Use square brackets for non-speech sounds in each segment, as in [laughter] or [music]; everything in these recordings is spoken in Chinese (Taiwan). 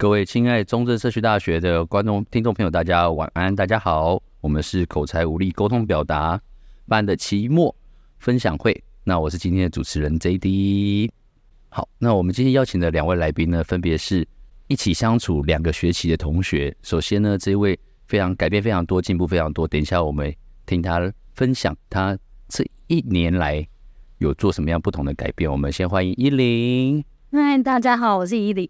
各位親愛中正社區大學的觀眾、聽眾朋友，大家晚安，大家好，我們是口才五力溝通表達班的期末分享會，那我是今天的主持人 JD。好，那我們今天邀請的兩位來賓呢，分別是一起相處兩個學期的同學。首先呢，這位非常改變非常多、進步非常多，等一下我們聽他分享他這一年來有做什麼樣不同的改變。我們先歡迎玉玲。嗨，大家好，我是玉玲。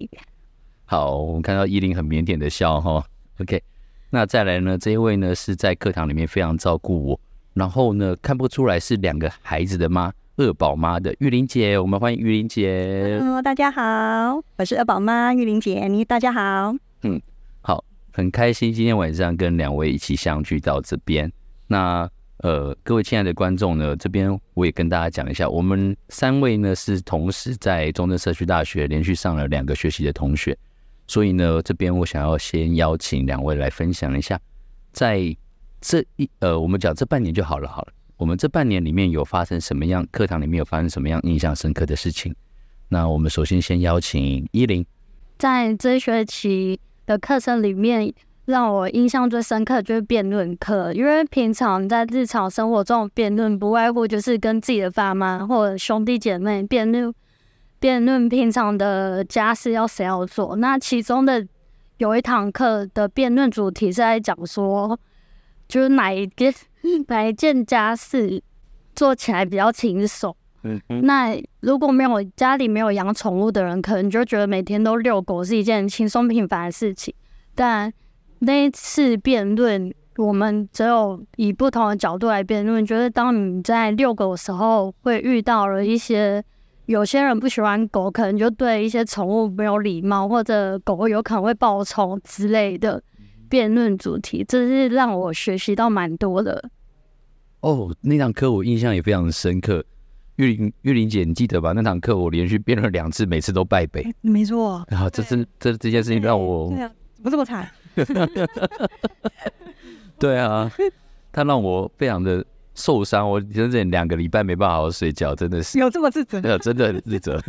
好，我們看到依林很腼腆的笑哈、哦。OK，那再來呢？這一位呢是在課堂裡面非常照顧我，然後呢看不出來是兩個孩子的媽，二寶媽的玉玲姐，我們歡迎玉玲姐。Hello，、哦、大家好，我是二寶媽玉玲姐，你大家好。嗯，好，很開心今天晚上跟兩位一起相聚到這邊。那呃，各位親愛的觀眾呢，這邊我也跟大家講一下，我們三位呢是同時在中正社區大學連續上了兩個學期的同學。所以呢，這邊我想要先邀請兩位來分享一下，在這一呃，我們講這半年就好了，好了，我們這半年裡面有發生什麼樣課堂裡面有發生什麼樣印象深刻的事情？那我們首先先邀請10，在這學期的課程裡面，讓我印象最深刻就是辯論課，因為平常在日常生活中辯論不外乎就是跟自己的爸媽或者兄弟姐妹辯論。辯論平常的家事要誰要做。那其中的有一堂課的辯論主題是在講說，就是哪一件哪一件家事做起來比較輕鬆。嗯， [laughs] 那如果沒有家裡沒有養寵物的人，可能就覺得每天都遛狗是一件輕鬆平凡的事情。但那一次辯論，我們只有以不同的角度來辯論，就是當你在遛狗的時候，會遇到了一些。有些人不喜歡狗，可能就對一些寵物沒有禮貌，或者狗有可能會報仇之類的辯論主題，這是讓我學習到蠻多的。哦，那堂課我印象也非常深刻，玉玲，玉玲姐，你記得吧？那堂課我連續辯論兩次，每次都敗北。沒錯。啊，這次這這件事情讓我對，對啊，怎麼這麼慘？ [laughs] [laughs] 對啊，他讓我非常的。受傷，我整整兩個禮拜沒辦法好好睡覺，真的是有這麼自責？呃，真的自責。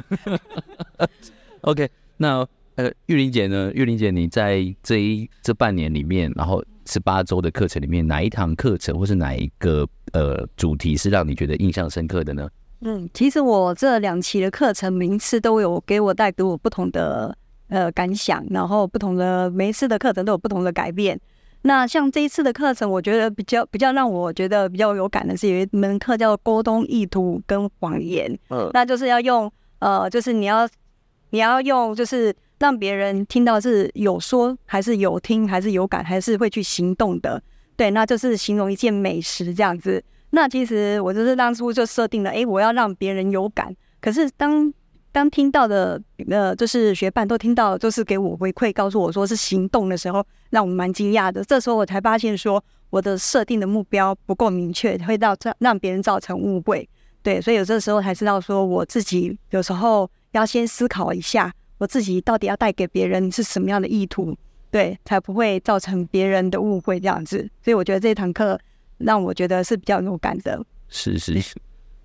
[laughs] OK，那呃，玉玲姐呢？玉玲姐，你在這一這半年裡面，然後十八周的課程裡面，哪一堂課程或是哪一個呃主題是讓你覺得印象深刻的呢？嗯，其實我這兩期的課程，每一次都有給我帶給我不同的呃感想，然後不同的每一次的課程都有不同的改變。那像這一次的課程，我覺得比較比較讓我覺得比較有感的是有一門課叫溝通意圖跟謊言。嗯，那就是要用呃，就是你要你要用，就是讓別人聽到是有說還是有聽還是有感，還是會去行動的。對，那就是形容一件美食這樣子。那其實我就是當初就設定了，誒、欸，我要讓別人有感。可是當當聽到的呃，就是學伴都聽到，就是給我回饋，告訴我說是行動的時候，讓我蠻驚訝的。這時候我才發現說，我的設定的目標不夠明確，會到讓讓別人造成誤會。對，所以有這時候才知道說，我自己有時候要先思考一下，我自己到底要帶給別人是什麼樣的意圖，對，才不會造成別人的誤會這樣子。所以我覺得這堂課讓我覺得是比較有感的。是是是。是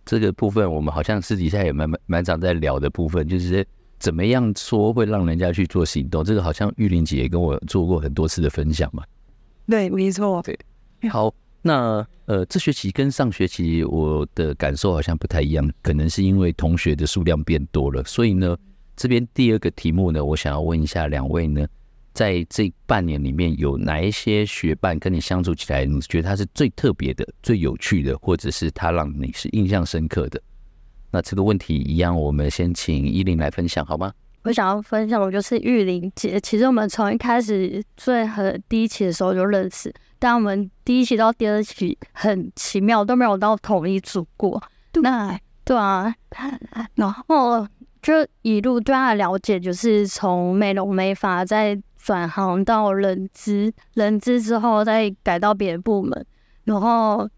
這個部分，我們好像私底下也蠻蠻蠻，蠻常在聊的部分，就是怎麼樣說會讓人家去做行動。這個好像玉玲姐也跟我做過很多次的分享嘛。對，沒錯。對，好。那呃，這學期跟上學期我的感受好像不太一樣，可能是因為同學的數量變多了。所以呢，這邊第二個題目呢，我想要問一下兩位呢。在這半年裡面，有哪一些學伴跟你相處起來，你覺得他是最特別的、最有趣的，或者是他讓你是印象深刻的？那這個問題一樣，我們先請依林來分享好嗎？我想要分享的就是玉玲姐。其實我們從一開始最和第一期的時候就認識，但我們第一期到第二期很奇妙都沒有到同一組過。對那對啊，然後就一路對他的了解，就是從美容美髮在。轉行到人資，人資之後再改到別的部門，然後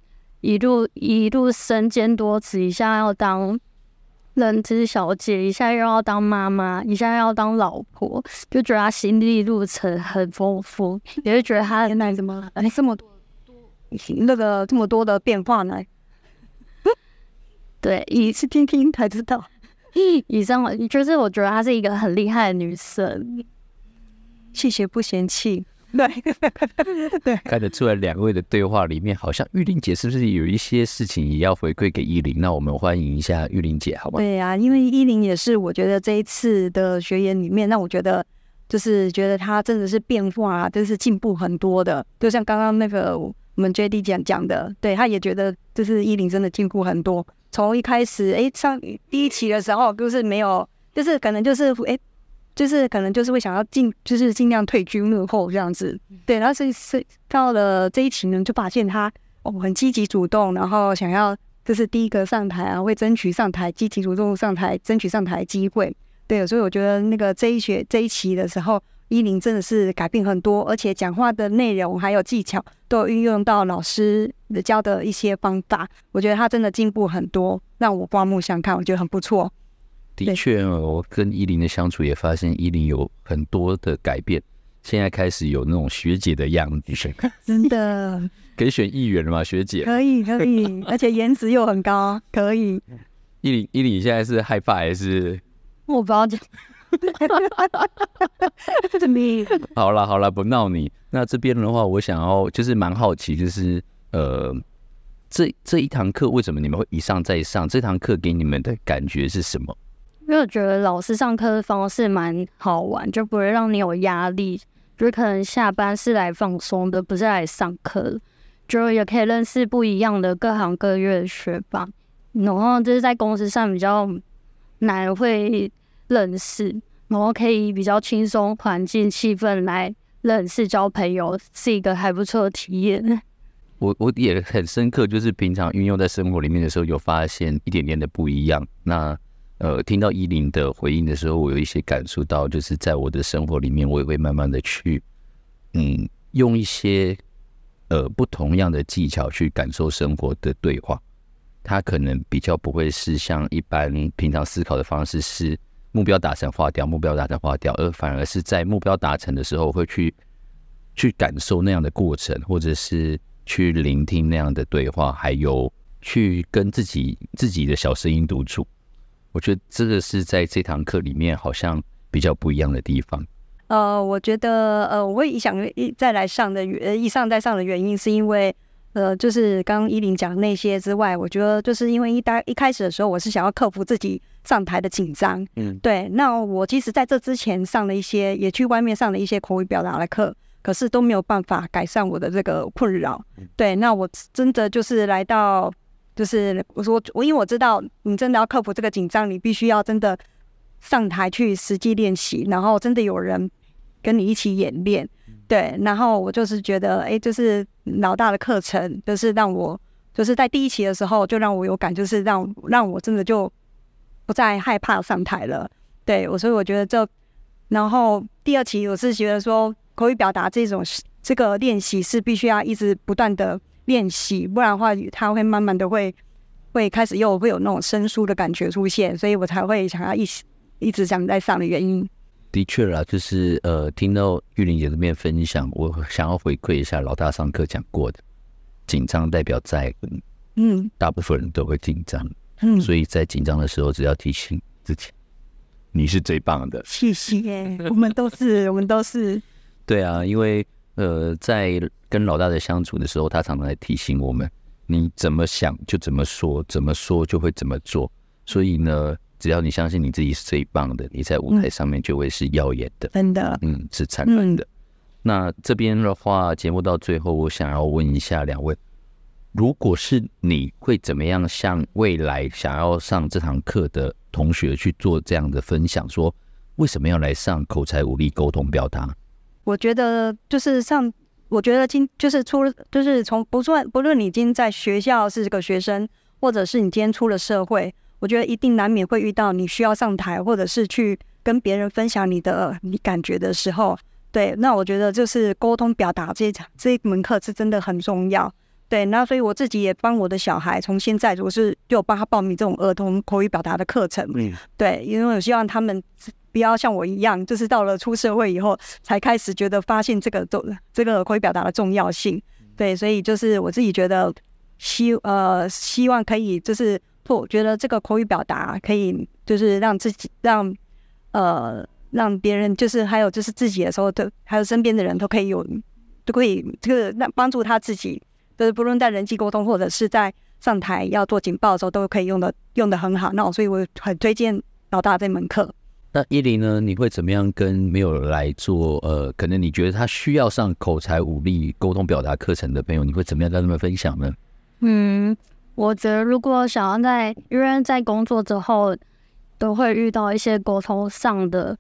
一路一路身兼多職，一下要當人資小姐，一下又要當媽媽，一下又要當老婆，就覺得她心歷路程很豐富。你 [laughs] 是覺得她怎麼來這麼多，多那個這麼多的變化呢？ [laughs] 對，一次聽聽才知道。 [laughs] 以上就是我覺得她是一個很厲害的女生。氣血不嫌棄，對， [laughs] 看得出來，兩位的對話裡面，好像玉玲姐是不是有一些事情也要回饋給依琳？那我們歡迎一下玉玲姐，好嗎？對呀、啊，因為依琳也是，我覺得這一次的學員裡面，讓我覺得就是覺得她真的是變化、啊，就是進步很多的。就像剛剛那個我們 JD 講講的，對，她也覺得就是依琳真的進步很多。從一開始，哎、欸，上第一期的時候就是沒有，就是可能就是哎。欸就是可能就是會想要盡就是盡量退居幕後這樣子，對。然後是是到了這一期呢，就發現他哦很積極主動，然後想要就是第一個上台啊，會爭取上台，積極主動上台，爭取上台機會。對，所以我覺得那個這一學這一期的時候，10真的是改變很多，而且講話的內容還有技巧都有運用到老師教的一些方法，我覺得他真的進步很多，讓我刮目相看，我覺得很不錯。的確哦，我跟依林的相處也發現依林有很多的改變，現在開始有那種學姐的樣子。真的 [laughs] 可以選議員了嗎？學姐可以，可以，而且顏值又很高，可以。依林，依林現在是害怕還是？我不知道，哈哈哈哈哈！好了好了，不鬧你。那這邊的話，我想要就是蠻好奇，就是呃，這這一堂課為什麼你們會一上再上？這堂課給你們的感覺是什麼？因為我覺得老師上課的方式蠻好玩，就不會讓你有壓力。就是可能下班是來放鬆的，不是來上課。就也可以認識不一樣的各行各業的學霸，然後就是在公司上比較難會認識，然後可以比較輕鬆環境氣氛來認識交朋友，是一個還不錯的體驗。我我也很深刻，就是平常運用在生活裡面的時候，有發現一點點的不一樣。那。呃，聽到玉玲的回應的時候，我有一些感受到，就是在我的生活裡面，我也會慢慢的去，嗯，用一些呃不同樣的技巧去感受生活的對話。它可能比較不會是像一般平常思考的方式，是目標達成劃掉，目標達成劃掉，而反而是在目標達成的時候，會去去感受那樣的過程，或者是去聆聽那樣的對話，還有去跟自己自己的小聲音獨處。我覺得這個是在這堂課裡面好像比較不一樣的地方。呃，我覺得呃，我會想一再來上的，一上再上的原因是因為，呃，就是剛剛玉玲講那些之外，我覺得就是因為一打一開始的時候，我是想要克服自己上台的緊張。嗯，對。那我其實在這之前上了一些，也去外面上了一些口語表達的課，可是都沒有辦法改善我的這個困擾。嗯、對，那我真的就是來到。就是我說我，因為我知道你真的要克服這個緊張，你必須要真的上台去實際練習，然後真的有人跟你一起演練，對。然後我就是覺得，哎，就是老大的課程，就是讓我就是在第一期的時候就讓我有感，就是讓讓我真的就不再害怕上台了。對我，所以我覺得這，然後第二期我是覺得說口語表達這種是這個練習是必須要一直不斷的。練習，不然的話，他會慢慢的會，會開始又會有那種生疏的感覺出現，所以我才會想要一一直想再上的原因。的確啦，就是呃，聽到玉玲姐這邊分享，我想要回饋一下老大上課講過的，緊張代表在嗯，嗯，大部分人都會緊張，嗯，所以在緊張的時候，只要提醒自己，你是最棒的，謝謝， [laughs] 我們都是，我們都是，對啊，因為。呃，在跟老大的相處的時候，他常常來提醒我們：你怎麼想就怎麼說，怎麼說就會怎麼做。所以呢，只要你相信你自己是最棒的，你在舞台上面就會是耀眼的，真的，嗯嗯，，嗯，是燦爛的。那這邊的話，節目到最後，我想要問一下兩位：如果是你會怎麼樣向未來想要上這堂課的同學去做這樣的分享？說為什麼要來上口才、五力、溝通、表達？我覺得就是上，我覺得今就是出了，就是從不算不論你今天在學校是這個學生，或者是你今天出了社會，我覺得一定難免會遇到你需要上台，或者是去跟別人分享你的你感覺的時候。對，那我覺得就是溝通表達這這一門課是真的很重要。對，那所以我自己也幫我的小孩，從現在如果是就幫他報名這種兒童口語表達的課程，對，因為我希望他們，不要像我一樣，就是到了出社會以後才開始覺得發現這個重這個口語表達的重要性。對，所以就是我自己覺得希呃希望可以就是我，哦、覺得這個口語表達可以就是讓自己讓呃讓別人就是還有就是自己的時候都還有身邊的人都可以有都可以這個那幫助他自己，就是不論在人際溝通或者是在上台要做簡報的時候都可以用的用的很好。那我所以我很推薦老大這門課。那依林，呢？你會怎麼樣跟沒有來做呃，可能你覺得他需要上口才、武力、溝通、表達課程的朋友，你會怎麼樣跟他們分享呢？嗯，我覺得如果想要在，因為在工作之後都會遇到一些溝通上的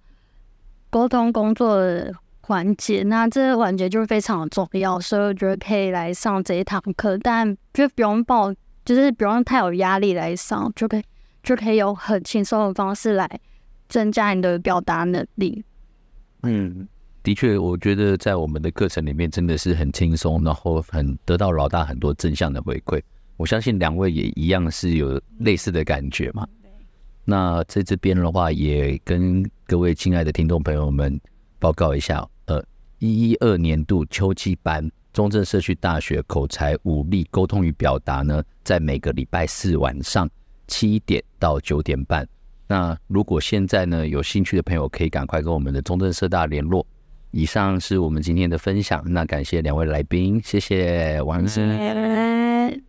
溝通工作的環節，那這個環節就是非常的重要，所以我覺得可以來上這一堂課，但就不用抱，就是不用太有壓力來上，就可以就可以有很輕鬆的方式來。增加你的表達能力。嗯，的確，我覺得在我們的課程裡面真的是很輕鬆，然後很得到老大很多正向的回饋。我相信兩位也一樣是有類似的感覺嘛。那在這邊的話，也跟各位親愛的聽眾朋友們報告一下，呃，一一二年度秋季班，中正社區大學口才五力溝通與表達呢，在每個禮拜四晚上七點到九點半。那如果現在呢，有興趣的朋友可以趕快跟我們的中正社大聯絡。以上是我們今天的分享，那感謝兩位來賓，謝謝，王先生。嗯